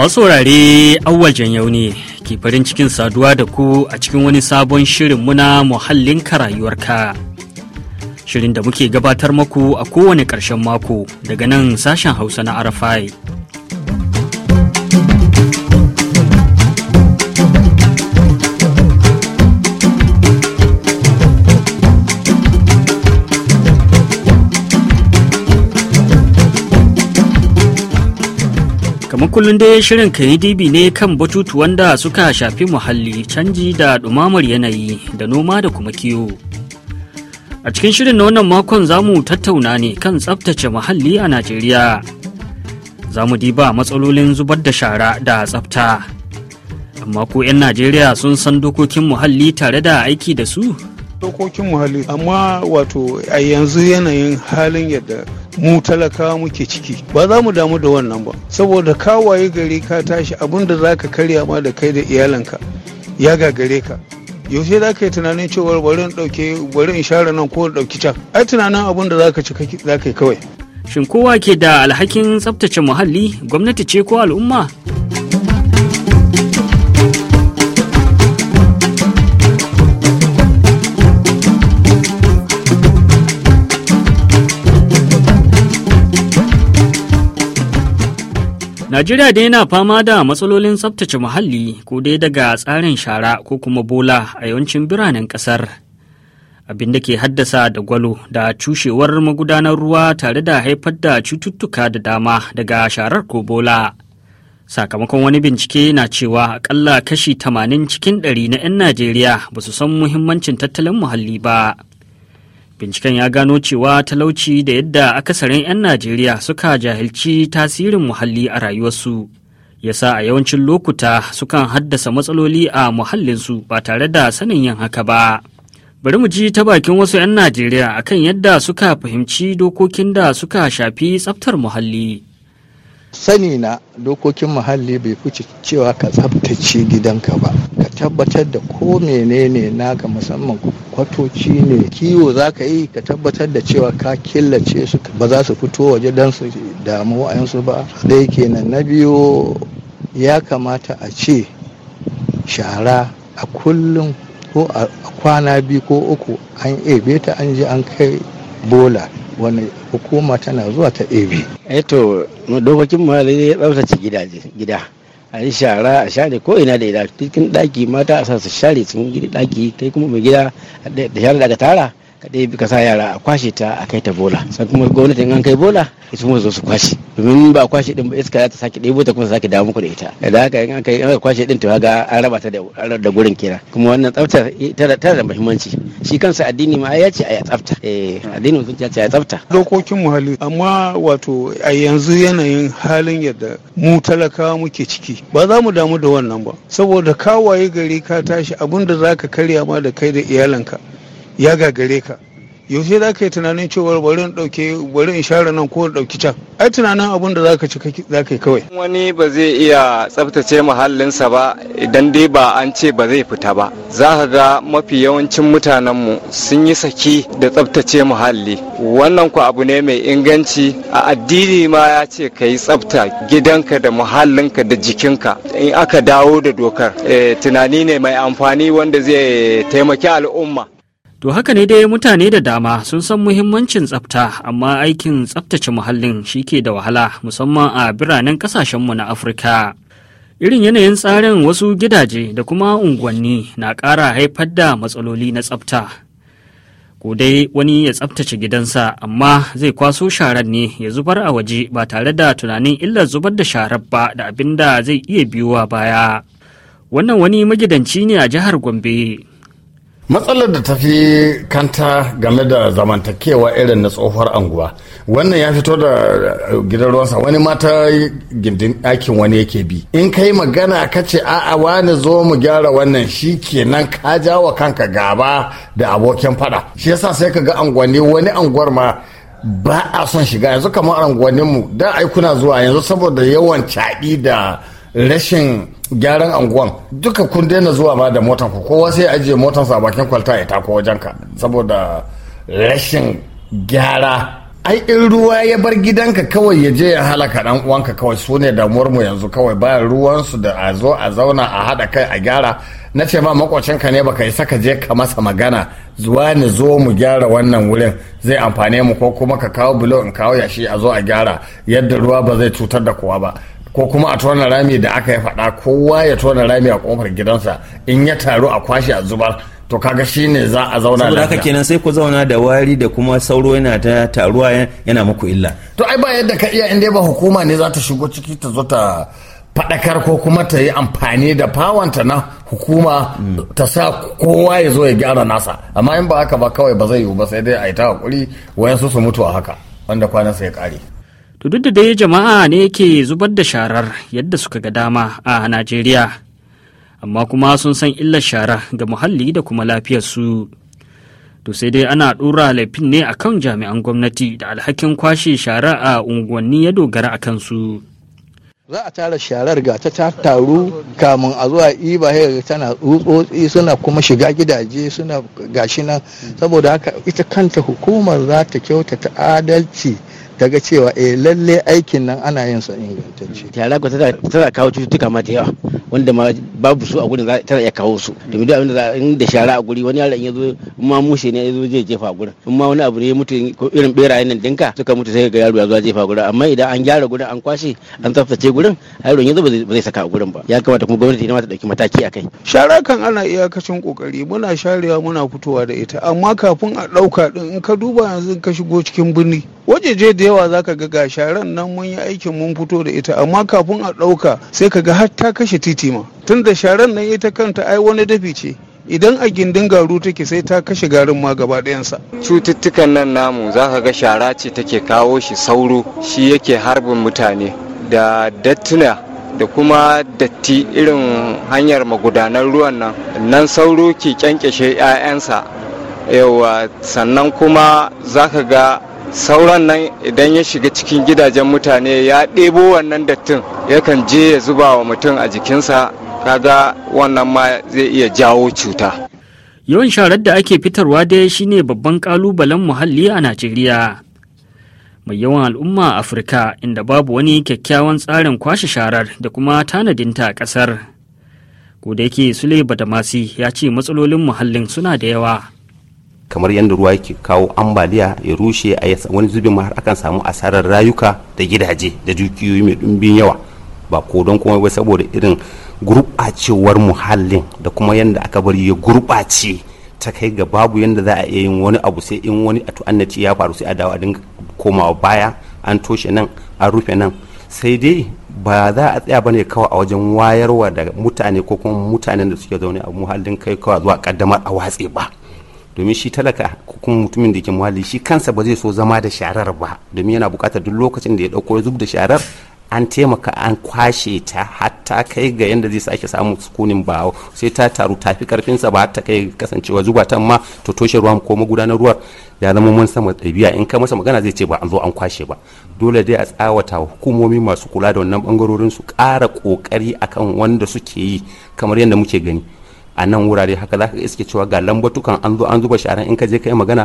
Masu saurare awwal yau ne ke farin cikin saduwa da ku a cikin wani sabon shirin muna muhallin rayuwarka. Shirin da muke gabatar maku a kowane ƙarshen mako daga nan sashen Hausa na Arafai. kullum dai shirin yi dibi ne kan batutuwan da suka shafi muhalli canji da ɗumamar yanayi da noma da kuma kiwo. A cikin shirin na wannan makon za mu tattauna ne kan tsaftace muhalli a Najeriya. Za mu diba matsalolin zubar da shara da tsabta. Amma ko 'yan Najeriya sun san dokokin muhalli tare da aiki da su? dokokin muhalli amma wato a yanzu yanayin halin yadda mu talakawa muke ciki ba za mu damu da wannan ba saboda kawaye gari ka tashi abin da za ka karya ma da kai da iyalanka ya gagare ka yaushe za ka yi tunanin cewar bari in ɗauke share nan ko in ɗauki can ai tunanin abin da za ka ci za ka yi kawai shin kowa ke da alhakin tsabtace muhalli gwamnati ce ko al'umma Najeriya dai yana fama da matsalolin tsabtace muhalli ko dai daga tsarin shara ko kuma bola a yawancin biranen kasar. Abin da ke haddasa da gwalo da cushewar magudanar ruwa tare da haifar da cututtuka da dama daga sharar ko bola. Sakamakon wani bincike na cewa akalla kashi tamanin cikin ɗari na 'yan Najeriya ba su san muhimmancin tattalin muhalli ba. binciken ya gano cewa talauci da yadda akasarin 'yan najeriya suka jahilci tasirin muhalli a rayuwarsu ya sa a yawancin lokuta sukan haddasa matsaloli a muhallinsu ba tare da sanin yin haka ba bari mu ji ta bakin wasu 'yan najeriya akan yadda suka fahimci dokokin da suka shafi tsaftar muhalli sani na dokokin muhalli bai fice cewa ka tsabtace gidanka ba ka tabbatar da ko menene naka musamman kwatoci ne kiwo za ka yi ka tabbatar da cewa ka killace su ba za su fito waje don su damu wa'ansu ba dai kenan na biyu ya kamata a ce shara a kullum ko a kwana biyu ko uku an ebe ta an ji an kai bola wani hukuma tana zuwa ta ɗebe. eto eh dokokin muhalli ya tsaftace gidaje gida a yi shara a share ko ina da ina cikin daki mata a sa su share sun gidi daki kai kuma mai gida da share daga tara ka ɗaya bi ka sa yara a kwashe ta a kai ta bola sai kuma gwamnati an kai bola ita kuma zo su kwashe domin ba kwashe din iska za ta sake ɗebo ta kuma sake dawo muku da ita da haka in aka aka kwashe din to ga an raba ta da gurin kira kuma wannan tsaftar tana da muhimmanci shi kansa addini ma ya ce a tsafta eh addini mun ce a tsafta dokokin muhalli amma wato a yanzu yanayin halin yadda mu talakawa muke ciki ba za mu damu da wannan ba saboda kawaye gari ka tashi abun da zaka karya ma da kai da iyalanka ya gagare ka yaushe za ka yi tunanin cewar bari in ɗauke bari in share nan ko in ɗauki can ai tunanin abun da za ka ci za ka kawai. wani ba zai iya tsaftace muhallinsa ba idan dai ba an ce ba zai fita ba za ka ga mafi yawancin mutanenmu sun yi saki da tsaftace muhalli wannan ku abu ne mai inganci a addini ma ya ce ka yi tsafta gidanka da muhallinka da jikinka in aka dawo da dokar eh, tunani ne mai amfani wanda zai taimaki al'umma To haka ne dai mutane da dama sun san muhimmancin tsafta amma aikin tsaftace muhallin shi ke da wahala musamman a biranen kasashenmu na Afirka. Irin yanayin tsarin wasu gidaje da kuma unguwanni na ƙara haifar da matsaloli na tsafta. Ko dai wani ya tsaftace gidansa amma zai kwaso sharar ne ya zubar a waje ba tare da tunanin illar zubar da sharar ba da abin da zai iya biyowa baya. Wannan wani magidanci ne a jihar Gombe. matsalar da ta fi kanta game da zamantakewa irin na tsohuwar anguwa wannan ya fito da eh, gidan ruwansa wani mata gindin ɗakin wani yake bi in ka yi magana ka ce a'a wani zo mu gyara wannan shi kenan ka wa kanka gaba da abokin fada shi yasa sai ka ga anguwanni wani anguwar ma ba a son shiga yanzu kamar anguwanninmu da aikuna zuwa yanzu saboda yawan caɗi da rashin gyaran anguwan duka kun daina zuwa ma da motan ku kowa sai ajiye motan sa bakin kwalta ya tako wajen ka saboda rashin gyara ai in ruwa ya bar gidanka kawai ya je ya halaka dan uwanka kawai su ne damuwar mu yanzu kawai bayan ruwansu da a zo a zauna a haɗa kai a gyara na ce ma makocinka ne baka yi saka je ka masa magana zuwa ne zo mu gyara wannan wurin zai amfane mu ko kuma ka kawo bulo in kawo yashi a zo a gyara yadda ruwa ba zai cutar da kowa ba ko kuma a tona rami da aka yi faɗa kowa ya tona rami a kofar gidansa in ya taru a kwashe a zubar to kaga shi ne za a zauna lafiya saboda kenan sai ku zauna da wari da kuma sauro yana ta taruwa yana muku illa to ai ba yadda ka iya inda ba hukuma ne za ta shigo ciki ta zo ta faɗakar ko kuma ta yi amfani da fawanta na hukuma ta sa kowa ya zo ya gyara nasa amma in ba haka ba kawai ba zai yiwu ba sai dai a yi ta hakuri wayansu su mutu a haka wanda kwanansa ya ƙare To duk da dai jama'a ne ke zubar da sharar yadda suka ga dama a Najeriya, amma kuma sun san illar shara ga muhalli da kuma lafiyarsu. To sai dai ana ɗora laifin ne a kan jami'an gwamnati da alhakin kwashe shara a unguwanni ya dogara a kansu. Za a tara sharar ga ta taru kamun a zuwa iba tana tsutsotsi suna kuma shiga gidaje suna gashi nan saboda haka ita kanta hukumar za ta kyautata adalci. ta ga cewa eh lalle aikin nan ana yin sa ingantacce. Yara tana kawo cututtuka mata yawa. wanda ma babu su a gurin tana iya kawo su domin duk abinda in da shara a guri wani yaro in yazo in ma mushe ne yazo zai jefa a gurin in ma wani abu ne ya mutu irin berayen nan dinka suka mutu sai ga yaro ya zo jefa a gurin amma idan an gyara gurin an kwashe an tsaftace gurin yaron yanzu ba zai saka a gurin ba ya kamata kuma gwamnati ina ta dauki mataki akai shara kan ana iyakacin kokari muna sharewa muna fitowa da ita amma kafin a dauka din in ka duba yanzu ka shigo cikin birni wajeje da yawa zaka ga ga sharan nan mun yi aikin mun fito da ita amma kafin a dauka sai ka ga har ta kashe titi ma tun sharan nan ita kanta ai wani dafi ce idan a gindin garu take sai ta kashe garin ma gaba ɗayansa. cututtukan nan namu za ka ga shara ce take kawo shi sauro shi yake harbin mutane da dattuna da kuma datti irin hanyar magudanar ruwan nan nan sauro ke kyankyashe 'ya'yansa yawa sannan kuma za ka ga sauran nan idan ya shiga cikin gidajen mutane ya ɗebo wannan dattin yakan je ya zuba wa mutum a jikinsa kaga wannan ma zai iya jawo cuta yawan sharar da ake fitarwa dai shine babban kalubalen muhalli a najeriya mai yawan al'umma a afirka inda babu wani kyakkyawan tsarin kwashe sharar da kuma tanadinta a ƙasar kodayake sule Masi ya ce matsalolin muhallin suna da yawa kamar yadda ruwa yake kawo ambaliya ya rushe a wani zubin ma har akan samu asarar rayuka da gidaje da dukiyoyi mai ɗumbin yawa ba ko don kuma ba saboda irin gurɓacewar muhallin da kuma yadda aka bari ya gurɓace ta kai ga babu yadda za a iya yin wani abu sai in wani a tu'annaci ya faru sai a dawo a dinga komawa baya an toshe nan an rufe nan sai dai ba za a tsaya bane kawai a wajen wayarwa da mutane ko kuma mutanen da suke zaune a muhallin kai kawai zuwa kaddamar a watse ba domin shi talaka kuma mutumin da ke muhalli shi kansa ba zai so zama da sharar ba domin yana bukatar duk lokacin da ya dauko ya zub da sharar an taimaka an kwashe ta hatta kai ga yadda zai sake samun sukunin ba sai ta taru tafi karfinsa ba hatta kai kasancewa zuba ta ma to toshe ruwan ko magudanar ruwa ya zama mun sama ɗabi'a in ka masa magana zai ce ba an zo an kwashe ba dole dai a tsawata hukumomi masu kula da wannan bangarorin su ƙara ƙoƙari akan wanda suke yi kamar yadda muke gani a nan wurare haka za ka iske cewa ga lambatukan an zo an zuba shi ran in ka je ka yi magana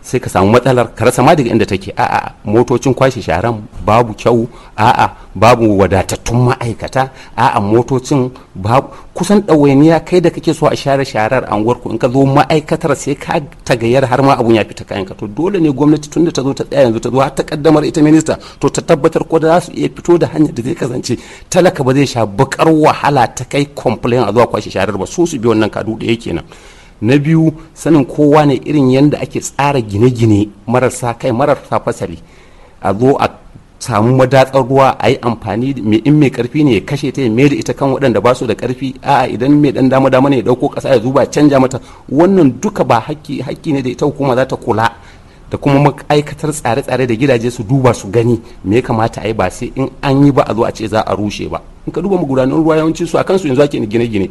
sai ka samu matsalar ka rasa ma daga inda take a'a motocin kwashe sharan babu kyau a'a babu wadatattun ma'aikata a'a motocin babu kusan ɗawainiya kai da kake so a share sharar anguwarku in ka zo ma'aikatar sai ka tagayyar har ma abun ya fita kayan ka to dole ne gwamnati tun ta zo ta tsaya yanzu ta zo har ta kaddamar ita minista to ta tabbatar ko da za su iya fito da hanyar da zai kasance talaka ba zai sha bakar wahala ta kai complain a zuwa kwashe sharar ba su su bi wannan kadu da yake nan na biyu sanin kowa ne irin yadda ake tsara gine-gine marasa kai marasa fasali a zo a samu madatsar ruwa a yi amfani in mai karfi ne ya kashe ta ya mai da ita kan waɗanda ba su da karfi a idan mai dan dama dama ne ya ɗauko ƙasa ya zuba canja mata wannan duka ba hakki ne da ita hukuma za ta kula da kuma ma'aikatar tsare-tsare da gidaje su duba su gani me ya kamata a yi ba sai in an yi ba a zo a ce za a rushe ba in ka duba magudanan ruwa yawanci su a kansu yanzu ake gine-gine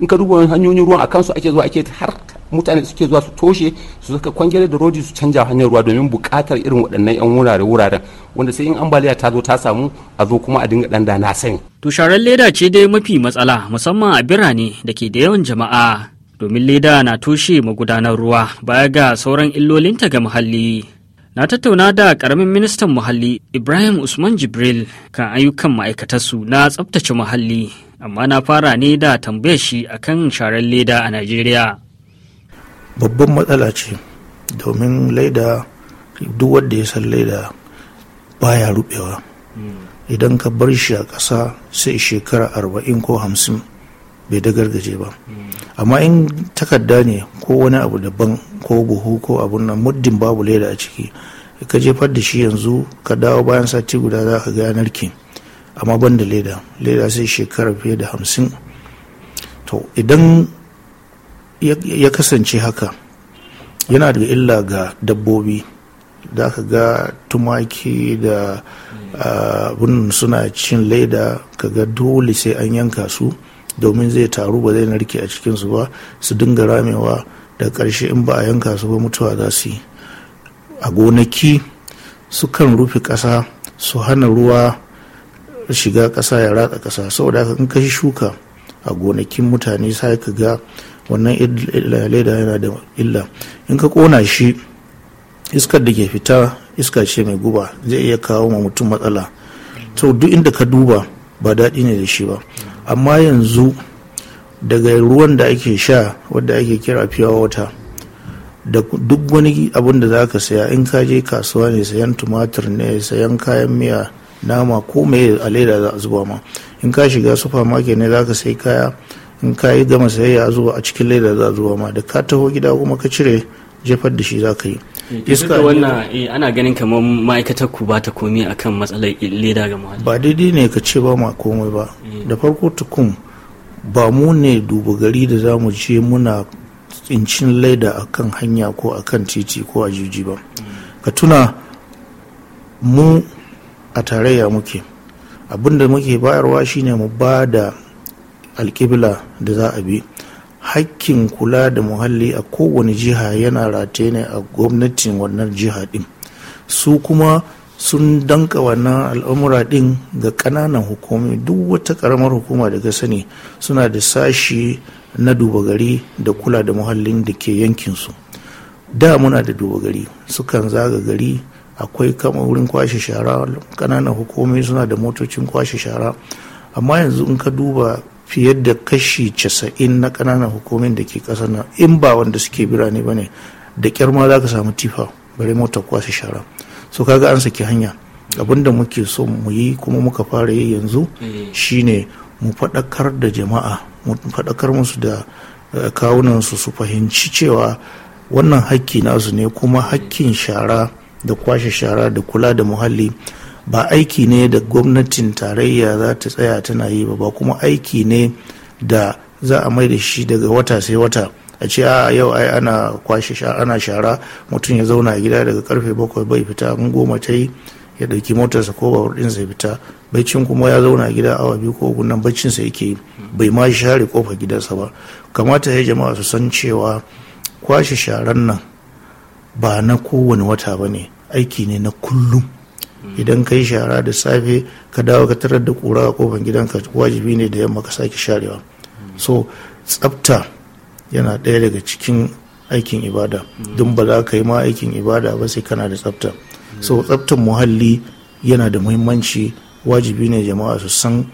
in ka duba hanyoyin ruwan kan su ake zuwa ake har mutane suke zuwa su toshe su saka kwangere da rodi su canja hanyar ruwa domin buƙatar irin waɗannan 'yan wurare wuraren wanda sai in ambaliya ta zo ta samu a zo kuma a dinga ɗan da na sani. tusharar leda ce dai mafi matsala musamman a birane da ke da yawan jama'a domin leda na toshe magudanar ruwa baya ga sauran illolinta ga muhalli. na tattauna da karamin ministan muhalli ibrahim usman jibril kan ayyukan ma'aikatarsu na tsabtace muhalli amma na fara ne da tambayar shi kan sharar leda a najeriya babban matsala ce domin laida duk wanda ya san laida baya rubewa hmm. idan ka bar shi a ƙasa sai shekara arba'in ko hamsin bai da gargaje ba hmm. amma in takarda ne ko wani abu daban ko buhu ko abun nan muddin babu leda a ciki ka jefar da shi yanzu ka dawo bayan sati guda za ka ga yanar amma ban da leda leda sai shekara fiye da hamsin to idan ya kasance haka yana da illa ga dabbobi da ka ga tumaki da abin suna cin leda ka ga dole sai an yanka su domin zai taru ba zai narke a cikinsu ba su dinga ramewa da ƙarshe in ba a yanka su ba mutuwa za su yi a gonaki sukan rufe ƙasa su hana ruwa shiga kasa ya ratsa ƙasa saboda haka in ka shuka a gonakin mutane sai ka ga wannan leda yana da illa in ka kona shi iskar da ke fita iska ce mai guba zai iya kawo ma mutum matsala to duk inda ka duba ba daɗi ne da shi ba amma yanzu daga ruwan da ake sha wadda ake kira fiya wata da duk wani abin da za ka saya in ka je kasuwa ne sayan tumatir ne sayan kayan miya nama ko me a leda za a zuba ma in ka shiga supermarket ne za ka sai kaya in ka yi gama sayayya a zuba a cikin leda za a zuba ma da ka taho gida kuma ka cire jefar da shi za ka yi eh, iska wannan eh, ana ganin kamar ma'aikatar ku ba ta komi akan matsalar leda ga muhalli ba daidai ne ka ce ba ma komai ba eh. da farko tukun ba mu ne duba gari da za mu je muna tsincin leda kan hanya ko akan titi ko a juji ba mm. ka tuna mu a tarayya muke abinda muke bayarwa shine mu ba da alkibla da za a bi hakkin kula da muhalli a kowane jiha yana rataye ne a gwamnatin wannan jiha din su kuma sun danka wannan al'amura din ga kananan hukumi duk wata karamar hukuma daga sani suna da sashi na duba gari da kula da muhallin da ke yankinsu da muna da duba gari sukan zaga gari akwai kama wurin kwashe shara kananan hukumomi suna da motocin kwashe shara amma yanzu in ka duba fiye da kashi casa'in na kananan hukumomin da ke ƙasar nan in ba wanda suke birane ba ne da kyar ma za ka samu tifa bare motar kwashe shara so kaga an saki hanya abin da muke so mu yi kuma muka fara yi yanzu mm. shine mu faɗakar da jama'a mu faɗakar musu da eh, kawunansu su fahimci cewa wannan hakki nasu ne kuma hakkin shara da kwashe shara da kula da muhalli ba aiki ne da gwamnatin tarayya za ta tsaya tana yi ba kuma aiki ne da za a mai da shi daga wata sai wata a ce a yau ai ana kwashe ana shara mutum ya zauna a gida daga karfe bakwai bai fita mun goma ta yi ya ɗauki motarsa ko babur ɗin sai fita baccin kuma ya zauna a gida awa biyu ko gunan nan baccin sa yake bai ma share kofar gidansa ba kamata ya jama'a su san cewa kwashe sharan nan ba na kowane wata ba ne aiki ne na kullum idan ka yi shara da safe ka dawo ka tarar da kura a kofar ka wajibi ne da yamma ka sake sharewa so tsafta yana ɗaya daga cikin aikin ibada don ba za ka yi ma aikin ibada ba sai kana da tsafta so tsaftar muhalli yana da muhimmanci wajibi ne jama'a su san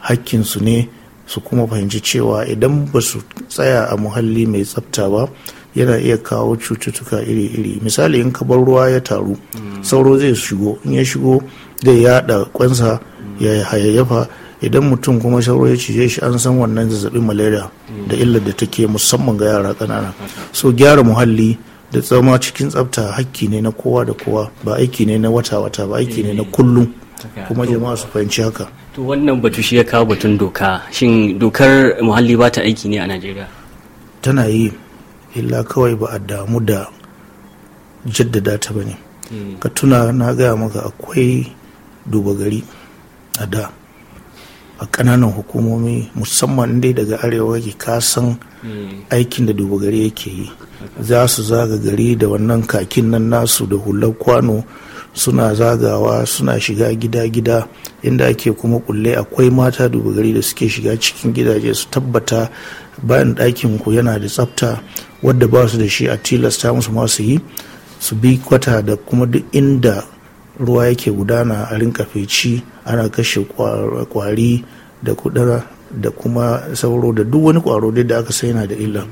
hakkinsu ne su kuma fahimci cewa idan ba su tsaya a muhalli mai tsafta ba yana iya kawo cututtuka iri-iri misali in kabar ruwa ya taru sauro zai shigo in ya shigo zai yada kwansa ya hayayyafa idan mutum kuma sauro ya cije shi an san wannan zazzabin malaria da illar da take musamman ga yara kanana so gyara muhalli da zama cikin tsafta hakki ne na kowa da kowa ba aiki ne na wata-wata ba aiki ne na eh, kullum kuma jama'a su fahimci haka to wannan batu shi ya kawo batun doka shin dokar muhalli ba ta aiki ne a najeriya tana yi illa kawai ba a damu da jaddada ta ba ne ka tuna na gaya maka akwai duba gari a da a kananan hukumomi musamman dai daga arewa ke kasan aikin da duba gari yake yi za su zaga gari da wannan kakin nan nasu da hular kwano suna zagawa suna shiga gida-gida inda ake kuma kulle akwai mata duba gari da suke shiga cikin gidaje su tabbata bayan ɗakin ku yana da tsafta wadda ba su da shi a tilasta musu masu yi su bi kwata da kuma duk inda ruwa yake gudana a rinka feci ana kashe kwari da kudura da kuma sauro da duk wani kwaro da aka sai yana da illa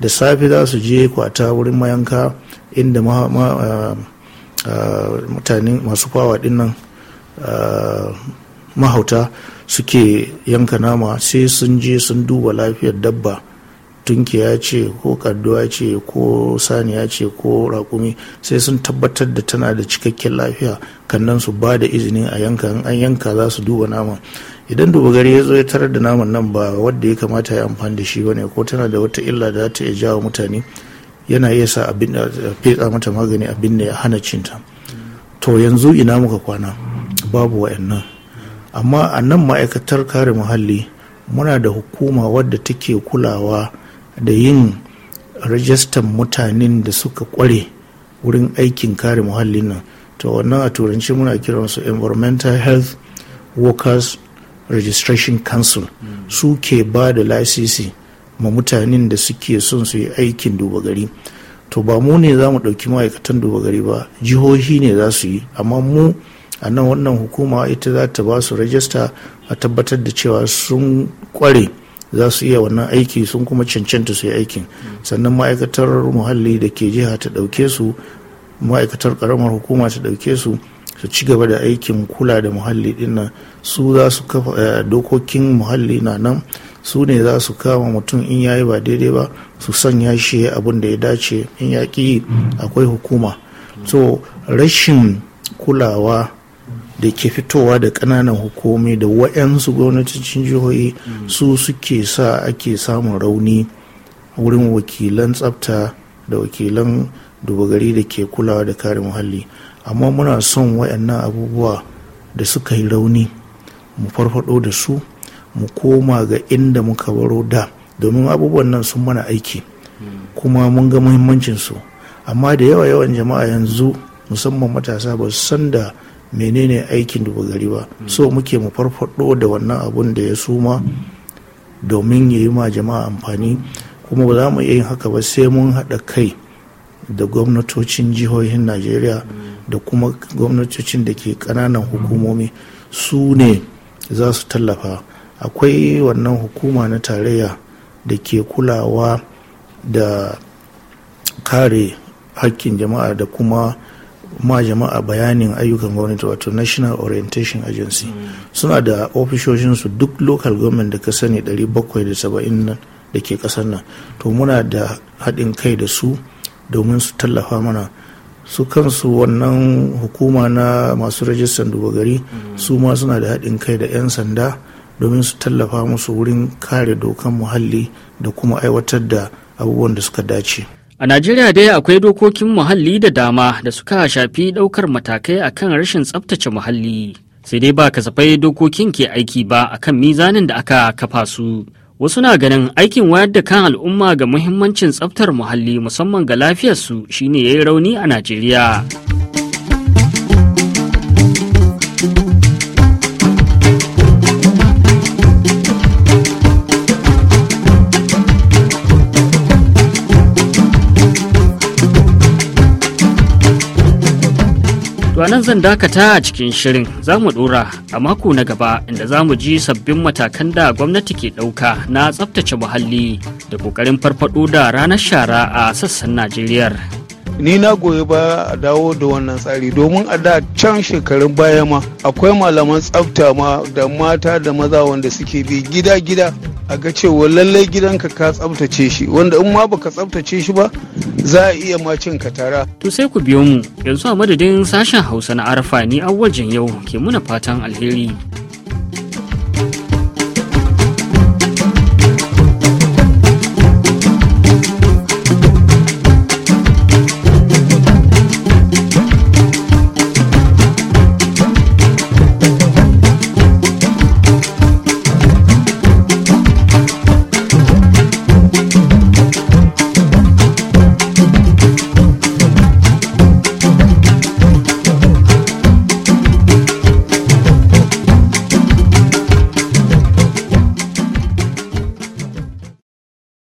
da safe za su je kwata wurin mayanka inda ah, Uh, mutane masu fawa dinnan uh, mahauta suke yanka nama sai sun je sun duba lafiyar dabba tunkiya ce ko kaduwa ce ko saniya ce ko rakumi sai sun tabbatar da tana da cikakken lafiya kannan su ba da izinin a yanka an yanka za su duba nama idan duba gari ya zo ya tarar da naman nan ba wadda ya kamata ya amfani da shi bane ko tana da wata illa da za ta iya jawo mutane yana iya sa abin da mata magani abin da ya hana cinta to yanzu ina muka kwana babu wa'annan amma a nan ma'aikatar kare muhalli muna da hukuma wadda take kulawa da yin rajistan mutanen da suka kware wurin aikin kare muhallin nan to wannan a turanci muna su environmental health workers registration council su ke ba da lasisi ma mutanen da suke son su yi aikin duba gari to ba mu ne za mu ɗauki ma'aikatan duba gari ba jihohi ne za su yi amma mu a nan wannan hukuma ita za ta ba su rajista a tabbatar da cewa sun kware za su iya wannan aiki sun kuma cancanta su yi aikin sannan ma'aikatar muhalli da ke jiha ta ɗauke su ma'aikatar ƙaramar hukuma ta ɗauke su su ci gaba da aikin kula da muhalli ɗin su za su kafa eh, dokokin muhalli na nan su ne za su kama mutum in yayi ba daidai ba su sanya shi abin da ya dace in ya ƙi akwai hukuma so rashin kulawa da ke fitowa da ƙananan hukumi da wa'yansu gwamnatocin jihohi su suke sa ake samun rauni wurin wakilan tsafta da wakilan dubagari da ke kulawa da kare muhalli amma muna son wa'yannan abubuwa da suka yi rauni mu farfado da su mu koma ga inda muka baro da domin abubuwan nan sun mana aiki kuma mun ga muhimmancinsu amma da yawa yawan jama'a yanzu musamman matasa ba su san da menene aikin duba gari ba so muke mu farfaɗo da wannan abun da ya suma domin ya yi ma jama'a amfani kuma ba za mu iya yin haka ba sai mun haɗa kai da gwamnatocin jihohin najeriya da kuma gwamnatocin da ke ƙananan hukumomi su ne za su tallafa akwai wannan hukuma na tarayya da ke kulawa da kare hakkin jama'a da kuma ma jama'a bayanin ayyukan gwamnati wato national orientation agency mm. suna da ofishoshinsu duk local government da ka sani 770 da ke kasar nan to muna da haɗin kai da su domin su tallafa mana su kansu wannan hukuma na masu rajistan dubagari gari mm. su ma suna da haɗin kai da 'yan sanda domin su tallafa musu wurin kare dokan muhalli da kuma aiwatar da abubuwan da suka dace. A Najeriya dai akwai dokokin muhalli da dama da suka shafi ɗaukar matakai akan rashin tsabtace muhalli. Sai dai ba kasafai dokokin ke aiki ba akan mizanin da aka kafa su. Wasu na ganin aikin wayar da kan al'umma ga muhimmancin tsabtar muhalli musamman ga lafiyarsu shine ya yi rauni a Najeriya. nan zan dakata a cikin shirin za mu dora a mako na gaba inda za mu ji sabbin matakan da gwamnati ke ɗauka na tsabtace muhalli da ƙoƙarin farfaɗo da ranar shara a sassan Najeriya. ni na goyi ba a dawo da wannan tsari domin a da can shekarun baya ma akwai malaman tsafta ma da mata da maza wanda suke bi gida gida a ga cewa lallai gidanka ka tsaftace shi wanda in ma baka tsaftace shi ba za a iya ma cin ka tara. To sai ku biyo mu yanzu a madadin sashen Hausa na Arafa ni wajen yau ke muna fatan alheri.